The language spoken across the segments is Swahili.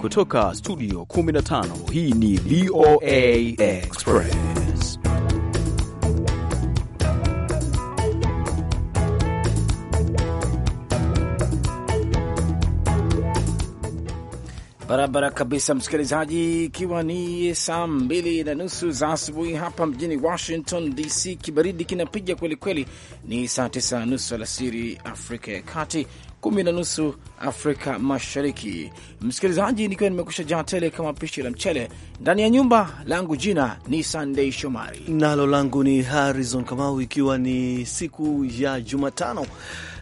Kutoka studio 15 hii ni VOA Express. Barabara kabisa, msikilizaji, ikiwa ni saa mbili na nusu za asubuhi hapa mjini Washington DC, kibaridi kinapiga kwelikweli. Ni saa tisa na nusu alasiri Afrika ya Kati kumi na nusu Afrika Mashariki. Msikilizaji, nikiwa nimekusha jaa tele kama pishi la mchele ndani ya nyumba langu, jina ni Sandei Shomari nalo langu ni Harrison Kamau, ikiwa ni siku ya Jumatano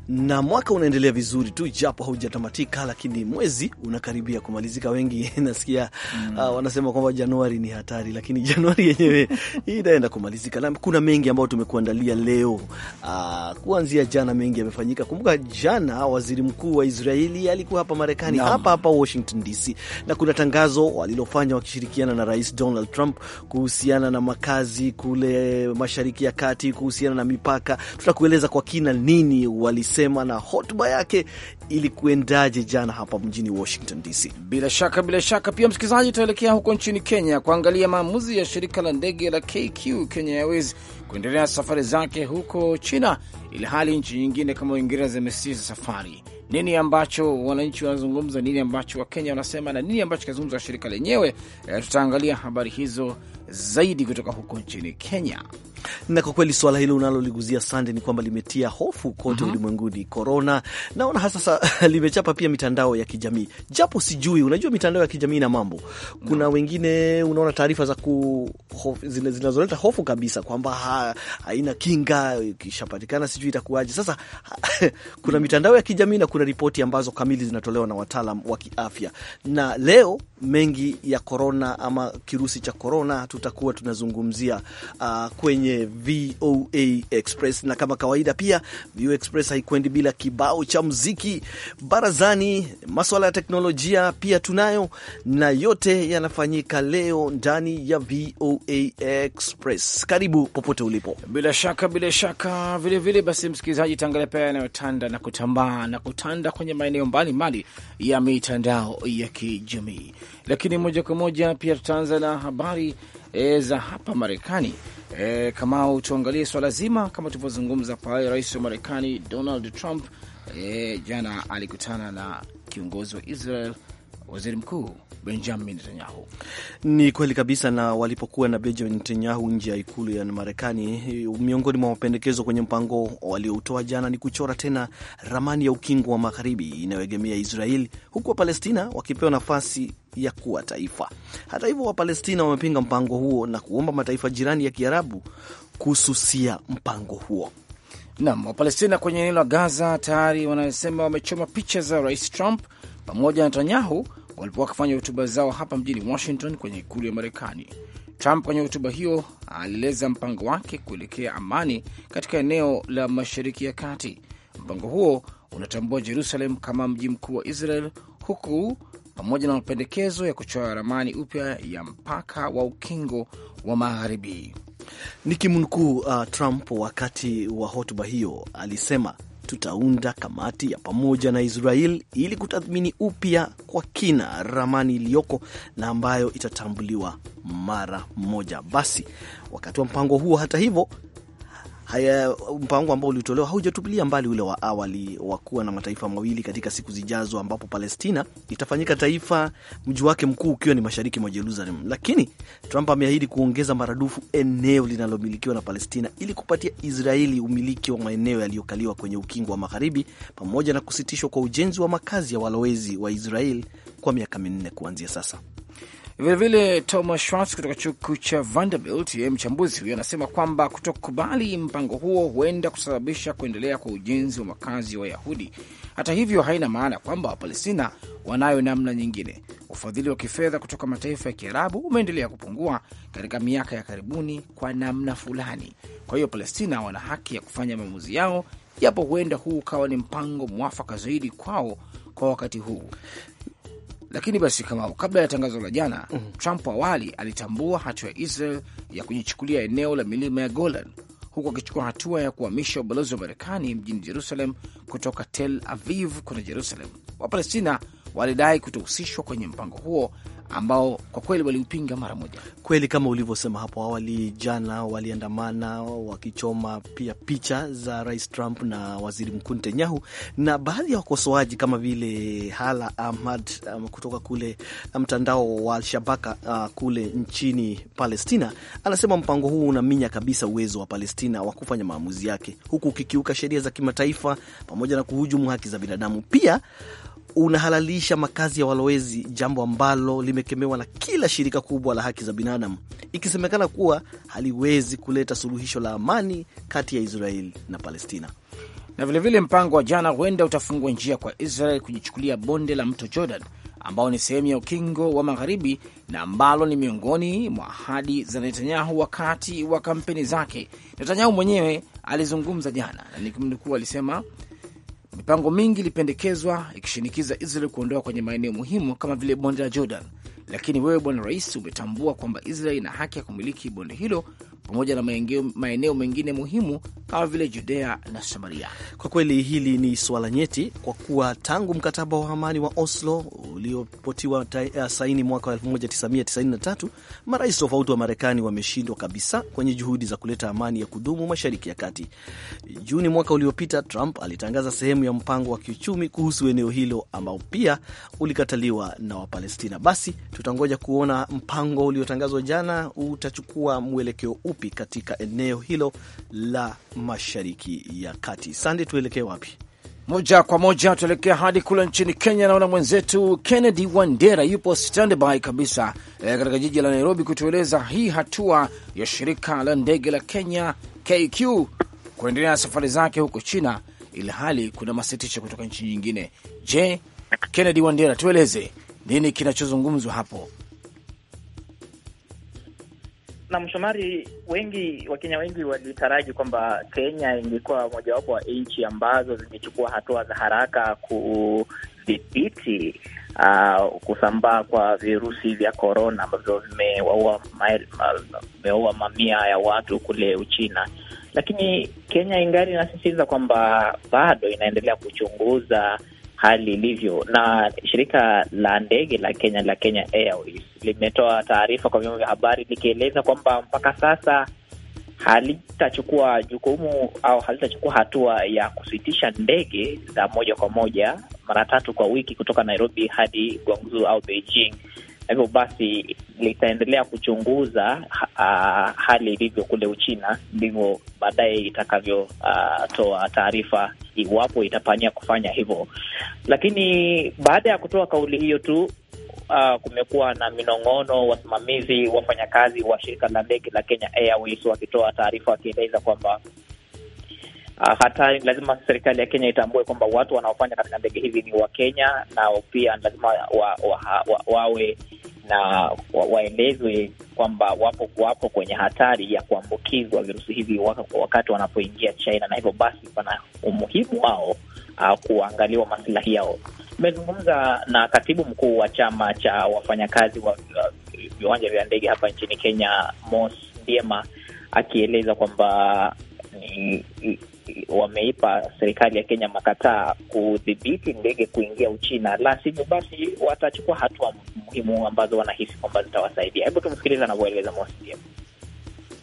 na mwaka unaendelea vizuri tu, japo haujatamatika, lakini mwezi unakaribia kumalizika. Wengi nasikia mm. uh, wanasema kwamba Januari ni hatari, lakini Januari yenyewe inaenda kumalizika, na kuna mengi ambayo tumekuandalia leo. Uh, kuanzia jana mengi yamefanyika. Kumbuka jana waziri mkuu wa Israeli alikuwa hapa Marekani, hapa hapa Washington DC, na kuna tangazo walilofanya wakishirikiana na Rais Donald Trump kuhusiana na makazi kule Mashariki ya Kati, kuhusiana na mipaka. Tutakueleza kwa kina nini walisi kusema na hotuba yake ilikuendaje jana hapa mjini Washington DC. Bila shaka, bila shaka pia msikilizaji, tutaelekea huko nchini Kenya kuangalia maamuzi ya shirika la ndege la KQ Kenya Airways kuendelea na safari zake huko China, ili hali nchi nyingine kama Uingereza zimesitisha safari. Nini ambacho wananchi wanazungumza, nini ambacho Wakenya wanasema na nini ambacho kinazungumza shirika lenyewe. E, tutaangalia habari hizo zaidi kutoka huko nchini Kenya. Na kwa kweli suala hilo unaloliguzia Sande ni kwamba limetia hofu kote mm -hmm. ulimwenguni. Korona naona hasa sasa limechapa pia mitandao ya kijamii, japo sijui, unajua mitandao ya kijamii na mambo, kuna wengine unaona taarifa za ku zinazoleta hofu kabisa kwamba ha, haina kinga, ikishapatikana sijui itakuwaje. Sasa kuna mitandao ya kijamii na kuna ripoti ambazo kamili zinatolewa na wataalam wa kiafya, na leo mengi ya korona ama kirusi cha korona tutakuwa tunazungumzia uh, kwenye VOA Express. Na kama kawaida pia VOA Express haikwendi bila kibao cha muziki barazani, maswala ya teknolojia pia tunayo, na yote yanafanyika leo ndani ya VOA Express. Karibu popote ulipo, bila shaka bila shaka vilevile vile. Basi msikilizaji, tangalia pia yanayotanda na kutambaa na kutanda kwenye maeneo mbalimbali ya mitandao ya kijamii. Lakini moja kwa moja pia tutaanza na habari e, za hapa Marekani. E, Kamau, tuangalie swala zima kama tulivyozungumza pale. Rais wa Marekani Donald Trump e, jana alikutana na kiongozi wa Israel, waziri mkuu Benjamin Netanyahu. Ni kweli kabisa, na walipokuwa na Benjamin Netanyahu nje ya ikulu ya Marekani, miongoni mwa mapendekezo kwenye mpango walioutoa jana ni kuchora tena ramani ya ukingo wa magharibi inayoegemea Israeli, huku Wapalestina wakipewa nafasi ya kuwa taifa. Hata hivyo, Wapalestina wamepinga mpango huo na kuomba mataifa jirani ya Kiarabu kususia mpango huo. Nam, Wapalestina kwenye eneo la Gaza tayari wanasema wamechoma picha za Rais Trump pamoja na Netanyahu walipokuwa wakifanya hotuba zao hapa mjini Washington kwenye ikulu ya Marekani. Trump kwenye hotuba hiyo alieleza mpango wake kuelekea amani katika eneo la Mashariki ya Kati. Mpango huo unatambua Jerusalem kama mji mkuu wa Israel, huku pamoja na mapendekezo ya kuchora ramani upya ya mpaka wa ukingo wa Magharibi. Nikimnukuu uh, Trump wakati wa hotuba hiyo alisema tutaunda kamati ya pamoja na Israel ili kutathmini upya kwa kina ramani iliyoko na ambayo itatambuliwa mara moja. Basi wakati wa mpango huo, hata hivyo, haya mpango ambao ulitolewa haujatupilia mbali ule wa awali wa kuwa na mataifa mawili katika siku zijazo, ambapo Palestina itafanyika taifa, mji wake mkuu ukiwa ni mashariki mwa Jerusalem. Lakini Trump ameahidi kuongeza maradufu eneo linalomilikiwa na Palestina ili kupatia Israeli umiliki wa maeneo yaliyokaliwa kwenye ukingo wa Magharibi, pamoja na kusitishwa kwa ujenzi wa makazi ya walowezi wa Israeli kwa miaka minne kuanzia sasa. Vilevile Thomas Schwartz kutoka chuo kikuu cha Vanderbilt, yeye mchambuzi huyo, anasema kwamba kutokubali mpango huo huenda kusababisha kuendelea kwa ujenzi wa makazi ya wa Wayahudi. Hata hivyo, haina maana kwamba Wapalestina wanayo namna nyingine. Ufadhili wa kifedha kutoka mataifa ya Kiarabu umeendelea kupungua katika miaka ya karibuni kwa namna fulani. Kwa hiyo, Palestina wana haki ya kufanya maamuzi yao, japo huenda huu ukawa ni mpango mwafaka zaidi kwao kwa wakati huu. Lakini basi kama kabla ya tangazo la jana mm -hmm. Trump awali alitambua hatua ya Israel ya kujichukulia eneo la milima ya Golan huku akichukua hatua ya kuhamisha ubalozi wa Marekani mjini Jerusalem kutoka Tel Aviv kwenda Jerusalem. Wapalestina walidai kutohusishwa kwenye mpango huo ambao kwa kweli waliupinga mara moja. Kweli kama ulivyosema hapo awali, jana waliandamana wakichoma pia picha za Rais Trump na Waziri Mkuu Netanyahu na baadhi ya wakosoaji kama vile Hala Ahmad um, kutoka kule um, mtandao wa Alshabaka uh, kule nchini Palestina, anasema mpango huu unaminya kabisa uwezo wa Palestina wa kufanya maamuzi yake, huku ukikiuka sheria za kimataifa pamoja na kuhujumu haki za binadamu pia unahalalisha makazi ya walowezi, jambo ambalo limekemewa na kila shirika kubwa la haki za binadamu, ikisemekana kuwa haliwezi kuleta suluhisho la amani kati ya Israeli na Palestina. Na vilevile vile mpango wa jana huenda utafungua njia kwa Israel kujichukulia bonde la mto Jordan ambao ni sehemu ya ukingo wa magharibi na ambalo ni miongoni mwa ahadi za Netanyahu wakati wa kampeni zake. Netanyahu mwenyewe alizungumza jana na nikimnukuu, alisema Mipango mingi ilipendekezwa ikishinikiza Israel kuondoa kwenye maeneo muhimu kama vile bonde la Jordan lakini wewe bwana rais, umetambua kwamba Israel ina haki ya kumiliki bonde hilo pamoja na maeneo mengine muhimu kama vile Judea na Samaria. Kwa kweli hili ni swala nyeti, kwa kuwa tangu mkataba wa amani wa Oslo uliopotiwa eh, saini mwaka 1993 marais tofauti wa Marekani wameshindwa kabisa kwenye juhudi za kuleta amani ya kudumu Mashariki ya Kati. Juni mwaka uliopita, Trump alitangaza sehemu ya mpango wa kiuchumi kuhusu eneo hilo ambao pia ulikataliwa na Wapalestina. Basi Tutangoja kuona mpango uliotangazwa jana utachukua mwelekeo upi katika eneo hilo la mashariki ya kati. Sande, tuelekee wapi? Moja kwa moja tuelekea hadi kule nchini Kenya. Naona mwenzetu Kennedy Wandera yupo standby kabisa e, katika jiji la Nairobi kutueleza hii hatua ya shirika la ndege la Kenya KQ kuendelea na safari zake huko China, ilhali kuna masitisho kutoka nchi nyingine. Je, Kennedy Wandera, tueleze nini kinachozungumzwa hapo? na Mshomari, wengi Wakenya wengi walitaraji kwamba Kenya ingekuwa mojawapo wa nchi ambazo zingechukua hatua za haraka kudhibiti uh, kusambaa kwa virusi vya korona ambavyo vimewaua vimewaua mamia ya watu kule Uchina, lakini Kenya ingali inasisitiza kwamba bado inaendelea kuchunguza hali ilivyo. Na shirika la ndege la Kenya la Kenya Airways limetoa taarifa kwa vyombo vya habari likieleza kwamba mpaka sasa halitachukua jukumu au halitachukua hatua ya kusitisha ndege za moja kwa moja mara tatu kwa wiki kutoka Nairobi hadi Guangzhou au Beijing hivyo basi litaendelea kuchunguza ha, hali ilivyo kule Uchina, ndivyo baadaye itakavyotoa taarifa iwapo itapania kufanya hivyo. Lakini baada ya kutoa kauli hiyo tu Uh, kumekuwa na minong'ono, wasimamizi, wafanyakazi wa shirika la ndege la Kenya Airways wakitoa taarifa wakieleza kwamba Uh, hata lazima serikali ya Kenya itambue kwamba watu wanaofanya katika ndege hizi ni Wakenya na pia lazima wa, wa, wa, wawe na wa, waelezwe kwamba wapo wapo kwenye hatari ya kuambukizwa virusi hivi wakati wanapoingia China, na hivyo basi pana umuhimu wao uh, kuangaliwa masilahi yao. Nimezungumza na katibu mkuu wa chama cha wafanyakazi wa viwanja vya ndege hapa nchini Kenya, Mos Ndiema, akieleza kwamba ni wameipa serikali ya Kenya makataa kudhibiti ndege kuingia Uchina, la sivyo basi watachukua hatua muhimu ambazo wanahisi kwamba zitawasaidia. Hebu tumsikiliza anavyoeleza mawasiliano.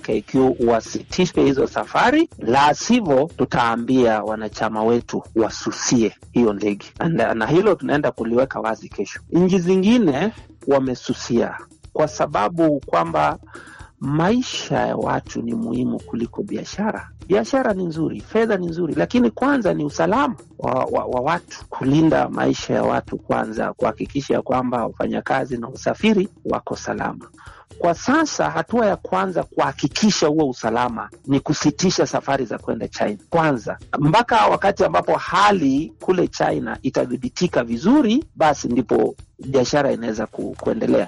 KQ wasitishwe hizo safari, la sivyo tutaambia wanachama wetu wasusie hiyo ndege, na hilo tunaenda kuliweka wazi kesho. Nchi zingine wamesusia kwa sababu kwamba maisha ya watu ni muhimu kuliko biashara. Biashara ni nzuri, fedha ni nzuri, lakini kwanza ni usalama wa, wa, wa watu, kulinda maisha ya watu kwanza, kuhakikisha kwamba wafanyakazi na usafiri wako salama. Kwa sasa hatua ya kwanza kuhakikisha huo usalama ni kusitisha safari za kwenda China kwanza, mpaka wakati ambapo hali kule China itadhibitika vizuri, basi ndipo biashara inaweza ku, kuendelea.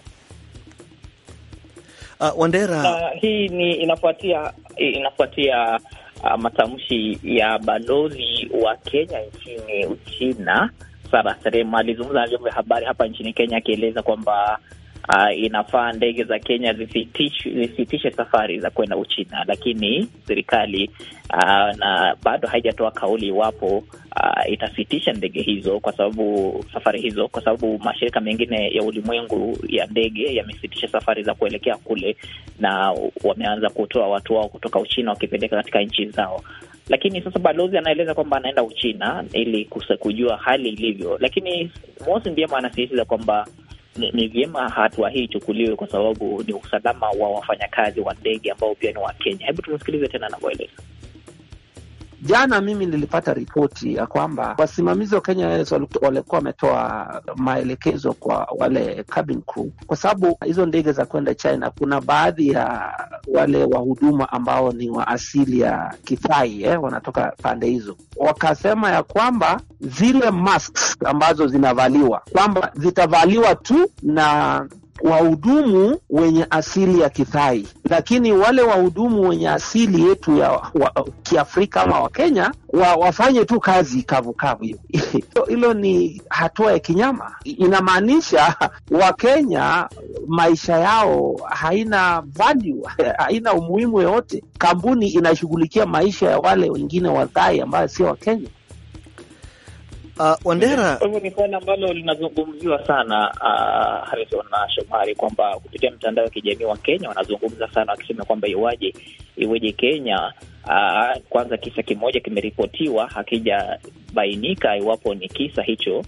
Uh, Wandera, uh, hii ni inafuatia inafuatia uh, matamshi ya balozi wa Kenya nchini Uchina Sara Serema alizungumza na vyombo vya habari hapa nchini Kenya akieleza kwamba uh, inafaa ndege za Kenya zisitishe safari za kwenda Uchina, lakini serikali uh, na bado haijatoa kauli iwapo uh, itasitisha ndege hizo kwa sababu safari hizo, kwa sababu mashirika mengine ya ulimwengu ya ndege yamesitisha safari za kuelekea kule na wameanza kutoa watu wao kutoka Uchina wakipeleka katika nchi zao lakini sasa balozi anaeleza kwamba anaenda Uchina ili kujua hali ilivyo, lakini Mosi Ndiema anasisitiza kwamba ni, ni vyema hatua hii ichukuliwe kwa sababu ni usalama wa wafanyakazi wa ndege ambao pia ni wa Kenya. Hebu tumsikilize tena anavyoeleza. Jana mimi nilipata ripoti ya kwamba wasimamizi wa Kenya Airways walikuwa wametoa maelekezo kwa wale cabin crew, kwa sababu hizo ndege za kwenda China kuna baadhi ya wale wahuduma ambao ni wa asili ya Kithai eh, wanatoka pande hizo, wakasema ya kwamba zile masks ambazo zinavaliwa kwamba zitavaliwa tu na wahudumu wenye asili ya Kithai, lakini wale wahudumu wenye asili yetu ya wa, Kiafrika ama Wakenya wa, wafanye tu kazi kavukavu. Hilo ni hatua ya kinyama, inamaanisha Wakenya maisha yao haina value, haina umuhimu yoyote. Kampuni inashughulikia maisha ya wale wengine Wadhai ambayo sio Wakenya. Uh, Wandera, kwa hivyo ni suala ambalo linazungumziwa sana uh, ah, Harison na Shomari, kwamba kupitia mtandao wa kijamii wa Kenya wanazungumza sana wakisema kwamba iwaje iweje Kenya uh, kwanza kisa kimoja kimeripotiwa hakijabainika iwapo ni kisa hicho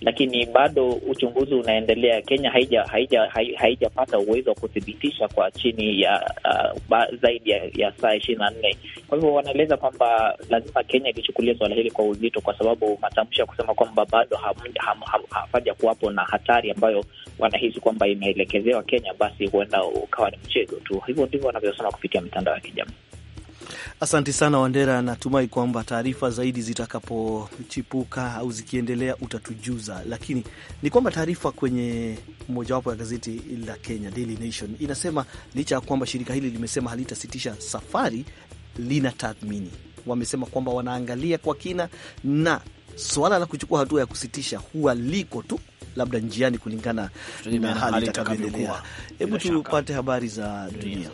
lakini bado uchunguzi unaendelea. Kenya haijapata haija, haija uwezo wa kuthibitisha kwa chini ya uh, ba, zaidi ya, ya saa ishirini na nne. Kwa hivyo wanaeleza kwamba lazima Kenya ilichukulia suala hili kwa uzito, kwa sababu matamshi ya kusema kwamba bado hafaja kuwapo na hatari ambayo wanahisi kwamba imeelekezewa Kenya, basi huenda ukawa ni mchezo tu. Hivyo ndivyo wanavyosema kupitia mitandao ya kijamii. Asante sana Wandera, natumai kwamba taarifa zaidi zitakapochipuka au zikiendelea utatujuza, lakini ni kwamba taarifa kwenye mojawapo ya gazeti la Kenya Daily Nation inasema licha ya kwamba shirika hili limesema halitasitisha safari, lina tathmini. Wamesema kwamba wanaangalia kwa kina, na swala la kuchukua hatua ya kusitisha huwa liko tu labda njiani kulingana na hali itakavyoendelea. Hebu tupate habari za dunia.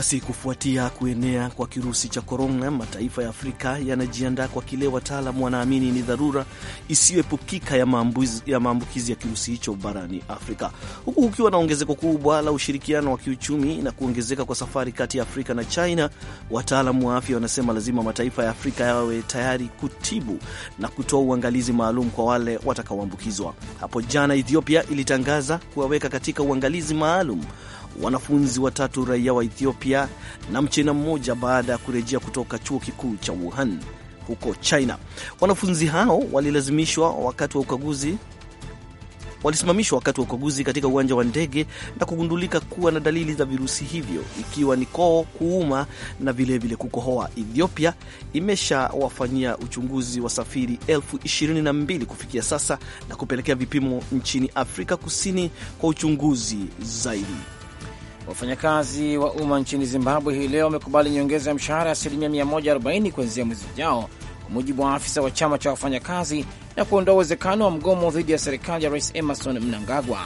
Basi kufuatia kuenea kwa kirusi cha korona, mataifa ya Afrika yanajiandaa kwa kile wataalam wanaamini ni dharura isiyoepukika ya maambukizi ya, maambukizi ya kirusi hicho barani Afrika, huku kukiwa na ongezeko kubwa la ushirikiano wa kiuchumi na kuongezeka kwa safari kati ya Afrika na China. Wataalam wa afya wanasema lazima mataifa ya Afrika yawe tayari kutibu na kutoa uangalizi maalum kwa wale watakaoambukizwa. Hapo jana Ethiopia ilitangaza kuwaweka katika uangalizi maalum wanafunzi watatu raia wa Ethiopia na Mchina mmoja baada ya kurejea kutoka chuo kikuu cha Wuhan huko China. Wanafunzi hao walilazimishwa wakati wa ukaguzi walisimamishwa wakati wa ukaguzi katika uwanja wa ndege na kugundulika kuwa na dalili za virusi hivyo ikiwa ni koo, kuuma na vilevile kukohoa. Ethiopia imeshawafanyia uchunguzi wasafiri elfu ishirini na mbili kufikia sasa na kupelekea vipimo nchini Afrika Kusini kwa uchunguzi zaidi. Wafanyakazi wa umma nchini Zimbabwe hii leo wamekubali nyongeza ya mshahara ya asilimia 140 kuanzia mwezi ujao, kwa mujibu wa afisa wa chama cha wafanyakazi, na kuondoa uwezekano wa mgomo dhidi ya serikali ya Rais Emerson Mnangagwa.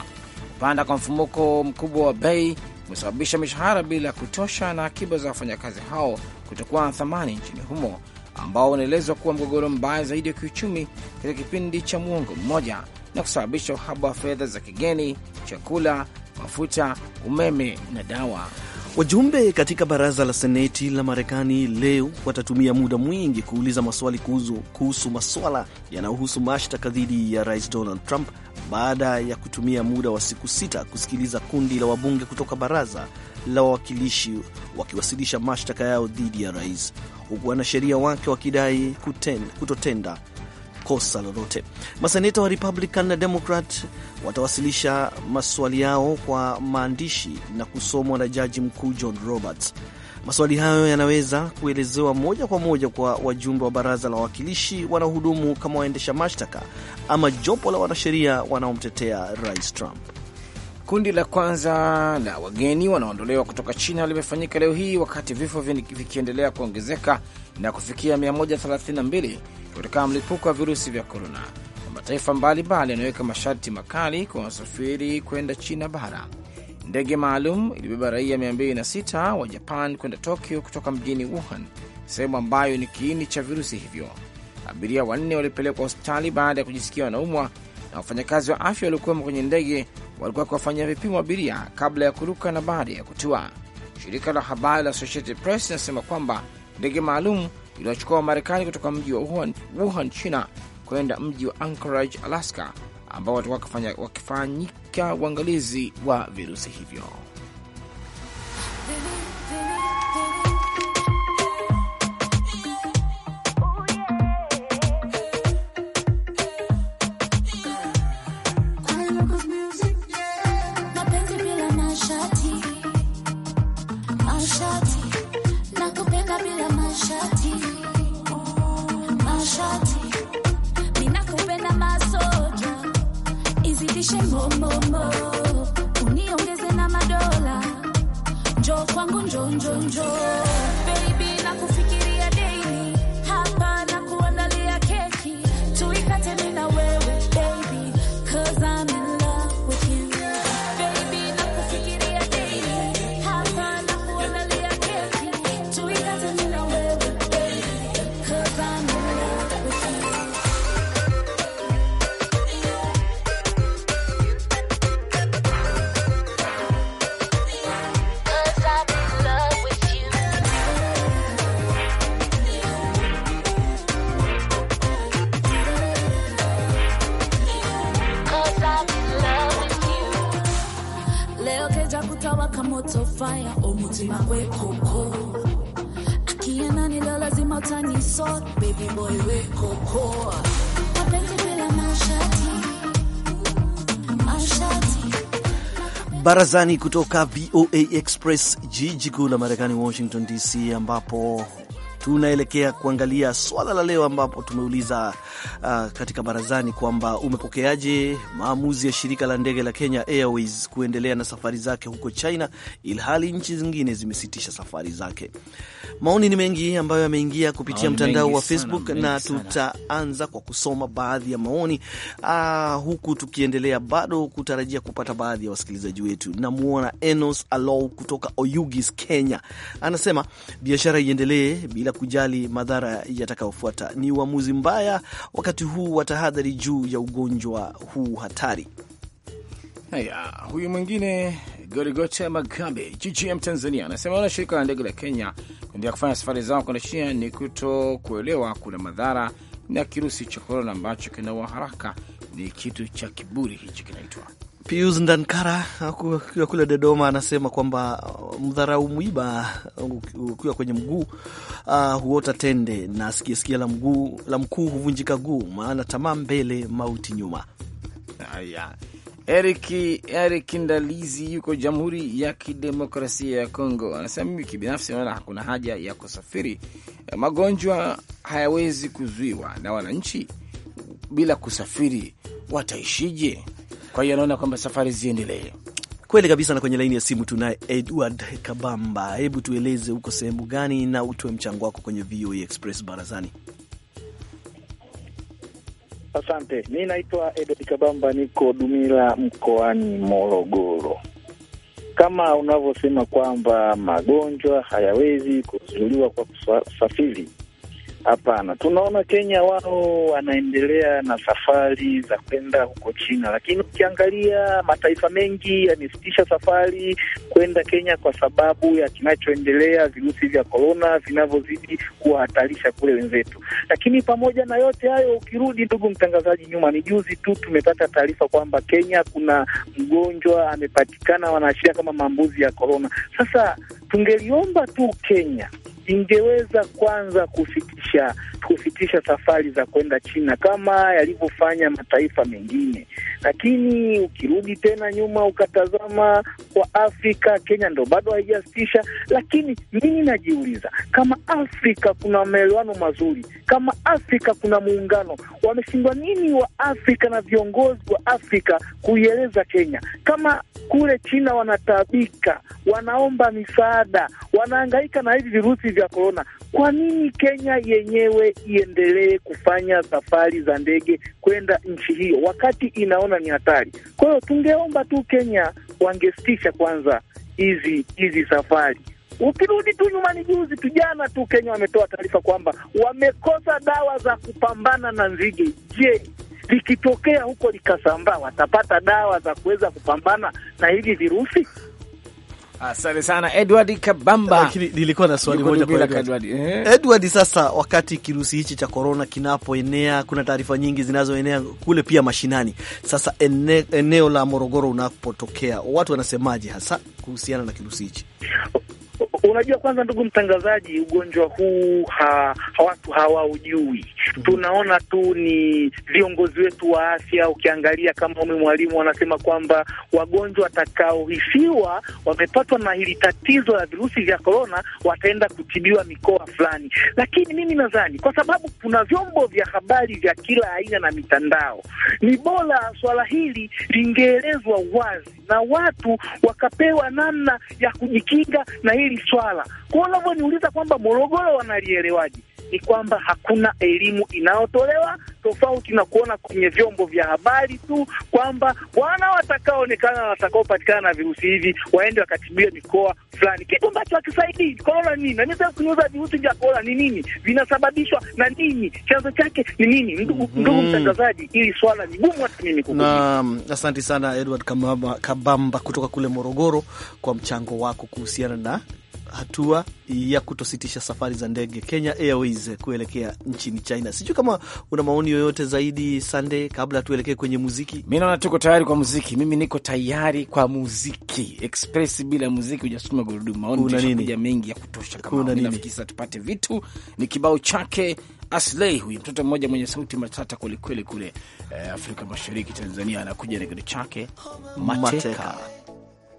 Kupanda kwa mfumuko mkubwa wa bei umesababisha mishahara bila kutosha na akiba za wafanyakazi hao kutokuwa na thamani nchini humo, ambao unaelezwa kuwa mgogoro mbaya zaidi wa kiuchumi katika kipindi cha muongo mmoja, na kusababisha uhaba wa fedha za kigeni, chakula mafuta, umeme na dawa. Wajumbe katika baraza la seneti la Marekani leo watatumia muda mwingi kuuliza maswali kuhusu, kuhusu maswala yanayohusu mashtaka dhidi ya rais Donald Trump baada ya kutumia muda wa siku sita kusikiliza kundi la wabunge kutoka baraza la wawakilishi wakiwasilisha mashtaka yao dhidi ya rais, huku wanasheria wake wakidai kutotenda kosa lolote. Maseneta wa Republican na Democrat watawasilisha maswali yao kwa maandishi na kusomwa na jaji mkuu John Roberts. Maswali hayo yanaweza kuelezewa moja kwa moja kwa wajumbe wa baraza la wawakilishi wanaohudumu kama waendesha mashtaka ama jopo la wanasheria wanaomtetea rais Trump. Kundi la kwanza la wageni wanaondolewa kutoka China limefanyika leo hii wakati vifo vikiendelea kuongezeka na kufikia 132 kutokana mlipuko wa virusi vya korona, mataifa mbalimbali yanaweka masharti makali kwa wasafiri kwenda China bara. Ndege maalum ilibeba raia 206 wa Japan kwenda Tokyo kutoka mjini Wuhan, sehemu ambayo ni kiini cha virusi hivyo. Abiria wanne walipelekwa hospitali baada ya kujisikia wanaumwa, na wafanyakazi wa afya waliokuwemo kwenye ndege walikuwa wakiwafanyia vipimo abiria kabla ya kuruka na baada ya kutua. Shirika la habari la Associated Press linasema kwamba ndege maalum iliwachukua Wamarekani kutoka mji wa Wuhan, Wuhan, China kwenda mji wa Anchorage, Alaska, ambao walikuwa wakifanyika uangalizi wa virusi hivyo. mambo uniongeze na madola, njo kwangu njo njo njo fire omutima oh, gwe koko akiena nilo lazima utanisort baby boy we koko mapenzi bila masharti masharti Barazani kutoka VOA Express, jiji kuu la Marekani, Washington DC, ambapo tunaelekea kuangalia swala la leo, ambapo tumeuliza uh, uh, katika barazani kwamba umepokeaje maamuzi ya shirika la ndege la Kenya Airways kuendelea na safari zake huko China ilhali nchi zingine zimesitisha safari zake. Maoni ni mengi ambayo yameingia kupitia mtandao wa Facebook sana, na tutaanza kwa kusoma baadhi ya maoni uh, huku tukiendelea bado kutarajia kupata baadhi ya wasikilizaji wetu. Namwona Enos Alou kutoka Oyugis, Kenya, anasema biashara iendelee bila kujali madhara yatakayofuata. Ni uamuzi mbaya wakati huu wa tahadhari juu ya ugonjwa huu hatari. Haya, huyu mwingine Gorigote Magabe GGM Tanzania anasema ona, shirika la ndege la Kenya kuendelea kufanya safari zao kwenda China ni kuto kuelewa kuna madhara na kirusi cha korona ambacho kinaua haraka. Ni kitu cha kiburi hichi kinaitwa Pius Ndankara akiwa kule Dodoma anasema kwamba uh, mdharau mwiba uh, ukiwa kwenye mguu uh, huota tende na sikiasikia la mguu la mkuu huvunjika guu, maana tamaa mbele, mauti nyuma. Haya, Eric Eric Ndalizi yuko Jamhuri ya Kidemokrasia ya Kongo anasema, mimi kibinafsi naona hakuna haja ya kusafiri, magonjwa hayawezi kuzuiwa na wananchi bila kusafiri wataishije? Kwa hiyo anaona kwamba safari ziendelee. Kweli kabisa. Na kwenye laini ya simu tunaye Edward Kabamba, hebu tueleze uko sehemu gani na utoe mchango wako kwenye VOA e Express barazani. Asante, mi naitwa Edward Kabamba, niko Dumila mkoani Morogoro. Kama unavyosema kwamba magonjwa hayawezi kuzuliwa kwa kusafiri, Hapana, tunaona Kenya wao wanaendelea na safari za kwenda huko China, lakini ukiangalia mataifa mengi yamesitisha safari kwenda Kenya kwa sababu ya kinachoendelea, virusi vya korona vinavyozidi kuwahatarisha kule wenzetu. Lakini pamoja na yote hayo, ukirudi ndugu mtangazaji, nyuma ni juzi tu tumepata taarifa kwamba Kenya kuna mgonjwa amepatikana, wanaashiria kama maambuzi ya korona. Sasa tungeliomba tu Kenya ingeweza kwanza kusitisha kusitisha safari za kwenda China kama yalivyofanya mataifa mengine. Lakini ukirudi tena nyuma ukatazama kwa Afrika, Kenya ndo bado haijasitisha. Lakini mimi najiuliza kama Afrika kuna maelewano mazuri, kama Afrika kuna muungano, wameshindwa nini wa Afrika na viongozi wa Afrika kuieleza Kenya kama kule China wanataabika, wanaomba misaada, wanaangaika na hivi virusi vya korona. Kwa nini Kenya yenyewe iendelee kufanya safari za ndege kwenda nchi hiyo wakati inaona ni hatari? Kwa hiyo tungeomba tu Kenya wangesitisha kwanza hizi hizi safari. Ukirudi tu nyuma ni juzi tu jana tu Kenya wametoa taarifa kwamba wamekosa dawa za kupambana na nzige. Je, likitokea huko likasambaa, watapata dawa za kuweza kupambana na hivi virusi? Asante sana Edward Kabamba. Nilikuwa na swali moja kwa Edward. Eh. Edward, sasa wakati kirusi hichi cha korona kinapoenea, kuna taarifa nyingi zinazoenea kule pia mashinani. Sasa ene, eneo la Morogoro unapotokea, watu wanasemaje hasa kuhusiana na kirusi hichi? Unajua, kwanza ndugu mtangazaji, ugonjwa huu ha, watu hawaujui. Mhm. Tunaona tu ni viongozi wetu wa afya. Ukiangalia kama ume mwalimu wanasema kwamba wagonjwa watakaohisiwa wamepatwa na hili tatizo la virusi vya korona wataenda kutibiwa mikoa fulani, lakini mimi nadhani kwa sababu kuna vyombo vya habari vya kila aina na mitandao, ni bora swala hili lingeelezwa wazi na watu wakapewa namna ya kujikinga na hili hili swala kwao. Unavyoniuliza kwamba Morogoro wanalielewaje, ni kwamba hakuna elimu inayotolewa, tofauti na kuona kwenye vyombo vya habari tu kwamba wana watakaoonekana na watakaopatikana na virusi hivi waende wakatibia mikoa fulani, kitu ambacho hakisaidii. Korona nini? Naweza kunyuza virusi vya korona ni nini? Vinasababishwa na nini? Chanzo chake ni nini? Ndugu mm. mtangazaji, mm -hmm. Ili swala ni gumu hata mimi kukujibu. Asante sana Edward Kabamba, Kabamba kutoka kule Morogoro kwa mchango wako kuhusiana na hatua ya kutositisha safari za ndege Kenya Airways kuelekea nchini China. Sijui kama una maoni yoyote zaidi sande kabla tuelekee kwenye muziki. Mi naona tuko tayari kwa muziki, mimi niko tayari kwa muziki express. Bila muziki hujasukuma gurudumu. Maoni mengi ya kutosha, kama sasa tupate vitu. Ni kibao chake Aslei, huyu mtoto mmoja mwenye sauti matata kwelikweli kule eh, Afrika Mashariki, Tanzania, anakuja na kitu chake mateka, mateka.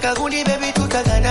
Kaguli baby tutagana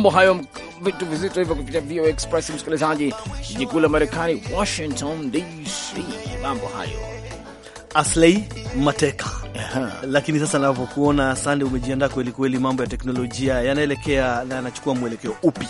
mambo hayo, vitu vizito hivyo kupitia VOA Express, msikilizaji, jiji kuu la Marekani, Washington DC. Mambo hayo aslei mateka Aha. Lakini sasa navyokuona, Sande, umejiandaa kwelikweli, mambo ya teknolojia yanaelekea na yanachukua mwelekeo upi?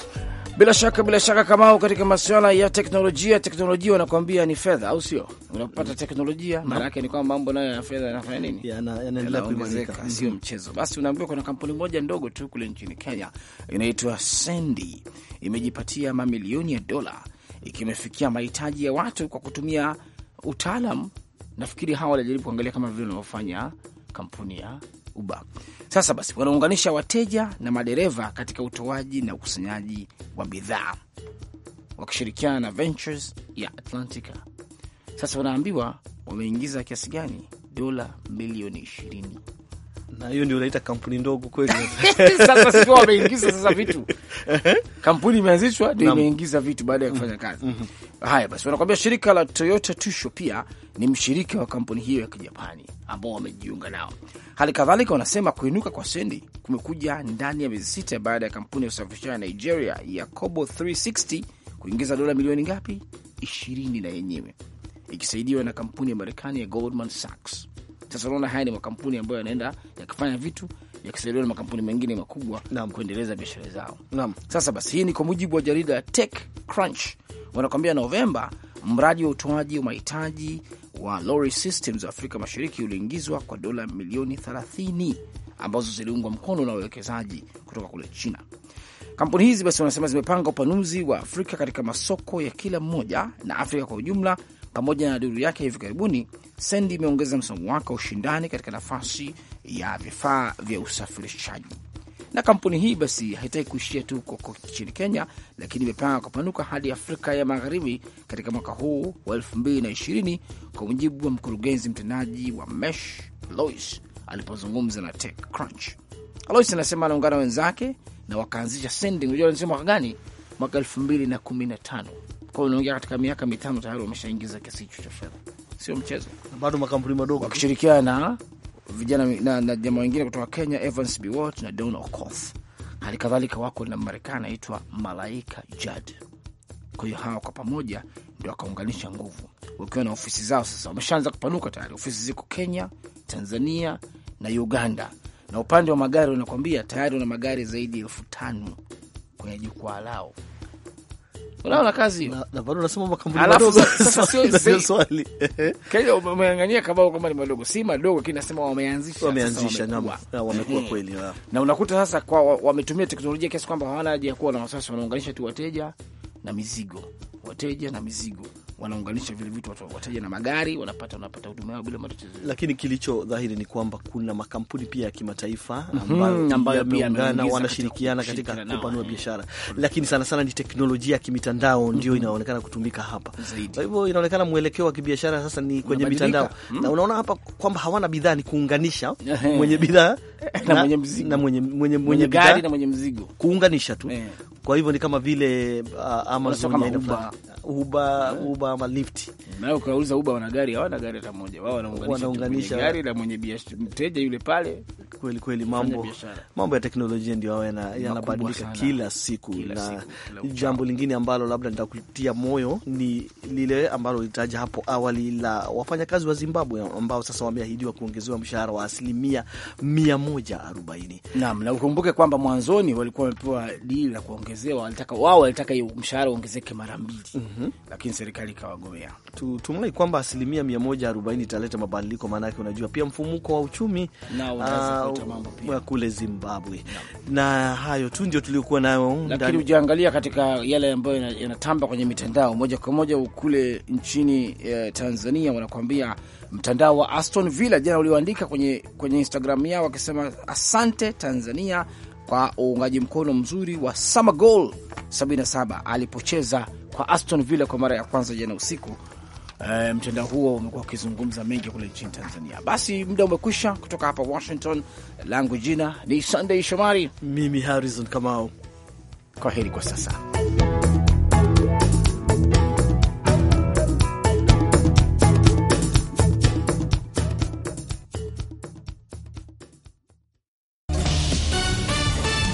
Bila shaka bila shaka, Kamau, katika masuala ya teknolojia, teknolojia wanakuambia ni fedha, au sio? Unapata teknolojia, maana yake ni kwamba mambo nayo ya fedha yanafanya nini, yanaendelea kuongezeka, sio mm-hmm. mchezo. Basi unaambiwa kuna kampuni moja ndogo tu kule nchini Kenya inaitwa Sendi, imejipatia mamilioni ya dola ikimefikia mahitaji ya watu kwa kutumia utaalam. Nafikiri hawa walijaribu kuangalia kama vile unavyofanya kampuni ya Uber. Sasa basi, wanaunganisha wateja na madereva katika utoaji na ukusanyaji wa bidhaa wakishirikiana na Ventures ya Atlantica. Sasa wanaambiwa wameingiza kiasi gani? Dola milioni ishirini na hiyo ndio unaita kampuni ndogo kweli? Sasa wameingiza sasa vitu, kampuni imeanzishwa ndio imeingiza vitu baada ya kufanya mm-hmm. kazi. Haya basi, wanakwambia shirika la Toyota Tusho pia ni mshirika wa kampuni hiyo ya Kijapani ambao wamejiunga nao. Hali kadhalika, wanasema kuinuka kwa sendi kumekuja ndani ya miezi sita baada ya kampuni ya usafirishaji ya Nigeria ya Kobo 360 kuingiza dola milioni ngapi? ishirini na yenyewe ikisaidiwa na kampuni ya Marekani ya Goldman Sachs. Sasa unaona haya ni makampuni ambayo yanaenda yakifanya vitu yakisaidiwa na makampuni mengine makubwa na kuendeleza biashara zao. Naam. Sasa basi, hii ni kwa mujibu wa jarida Tech Crunch, wanakwambia Novemba mradi wa utoaji wa mahitaji wa lorry systems wa Afrika Mashariki ulioingizwa kwa dola milioni 30 ambazo ziliungwa mkono na wawekezaji kutoka kule China. Kampuni hizi basi wanasema zimepanga upanuzi wa Afrika katika masoko ya kila mmoja na Afrika kwa ujumla. Pamoja na duru yake hivi karibuni, Sendi imeongeza msongo wake wa ushindani katika nafasi ya vifaa vya usafirishaji. Na kampuni hii basi haitaki kuishia tu huko nchini Kenya, lakini imepanga kupanuka hadi Afrika ya Magharibi katika mwaka huu wa 2020 kwa mujibu wa mkurugenzi mtendaji wa Mesh Lois alipozungumza na Tech Crunch. Lois anasema anaungana wenzake na wakaanzisha Sending. Unajua mwaka gani? Mwaka 2015 kwao, unaongea katika miaka mitano tayari wameshaingiza kiasi hicho cha fedha, sio mchezo, bado makampuni madogo wakishirikiana na vijana na, na jamaa wengine kutoka Kenya, Evans Biwot na Don Okoth. Hali kadhalika wako na Marekani anaitwa Malaika Jad. Kwa hiyo hawa kwa pamoja ndo wakaunganisha nguvu, wakiwa na ofisi zao. Sasa wameshaanza kupanuka tayari, ofisi ziko Kenya, Tanzania na Uganda, na upande wa magari wanakwambia tayari wana magari zaidi ya elfu tano kwenye jukwaa lao unaona kazi hiyo. Umeangania kabao kama ni madogo, si madogo, lakini nasema wameanzisha, wameanzisha na wamekuwa hmm. kweli, na unakuta sasa kwa wametumia teknolojia kiasi kwamba hawana haja ya kuwa na wasiwasi, wanaunganisha tu wateja na mizigo, wateja na mizigo wanaunganisha vile vitu, wateja na magari wanapata wanapata huduma yao bila matatizo. Lakini kilicho dhahiri ni kwamba kuna makampuni pia ya kimataifa mhm. ambayo yameungana, wanashirikiana katika kupanua mm. biashara, lakini sana sana ni teknolojia ya kimitandao mm-hmm. ndio inaonekana kutumika hapa. Kwa hivyo inaonekana mwelekeo wa kibiashara sasa ni kwenye mitandao, mm. na unaona hapa kwamba hawana bidhaa, ni kuunganisha mwenye bidhaa na mwenye mzigo, kuunganisha tu eh. Kwa hivyo ni kama vile uh, Amazon kama Uber. Uber, yeah. Uber ama Lyft. Na ukauliza Uber wana gari, hawana gari hata moja. Wao wanaunganisha gari la mwenye biashara, mteja yule pale. Kweli kweli mambo mambo ya teknolojia ndio hao yanabadilika ya kila siku kila na siku, jambo lingine ambalo labda nitakutia moyo ni lile ambalo litaja hapo awali la wafanyakazi wa Zimbabwe ambao sasa wameahidiwa kuongezewa mshahara wa asilimia 140. Naam, na ukumbuke kwamba mwanzoni walikuwa wamepewa dili la kuongeza kuongezewa, walitaka wao, walitaka mshahara uongezeke mara mbili mm -hmm. Lakini serikali ikawagomea. Tumai kwamba asilimia mia moja arobaini italeta mabadiliko, maanake unajua pia mfumuko wa uchumi uh, kule Zimbabwe na, na hayo tu ndio tuliokuwa nayo, lakini ujaangalia katika yale ambayo yanatamba kwenye mitandao moja kwa moja kule nchini eh, Tanzania wanakuambia mtandao wa Aston Villa jana ulioandika kwenye, kwenye Instagram yao wakisema asante Tanzania kwa uungaji mkono mzuri wa Samagol 77 alipocheza kwa Aston Villa kwa mara ya kwanza jana usiku. Uh, mtandao huo umekuwa ukizungumza mengi kule nchini Tanzania. Basi muda umekwisha kutoka hapa Washington, langu jina ni Sunday Shomari, mimi Harrison Kamau, kwa heri kwa sasa.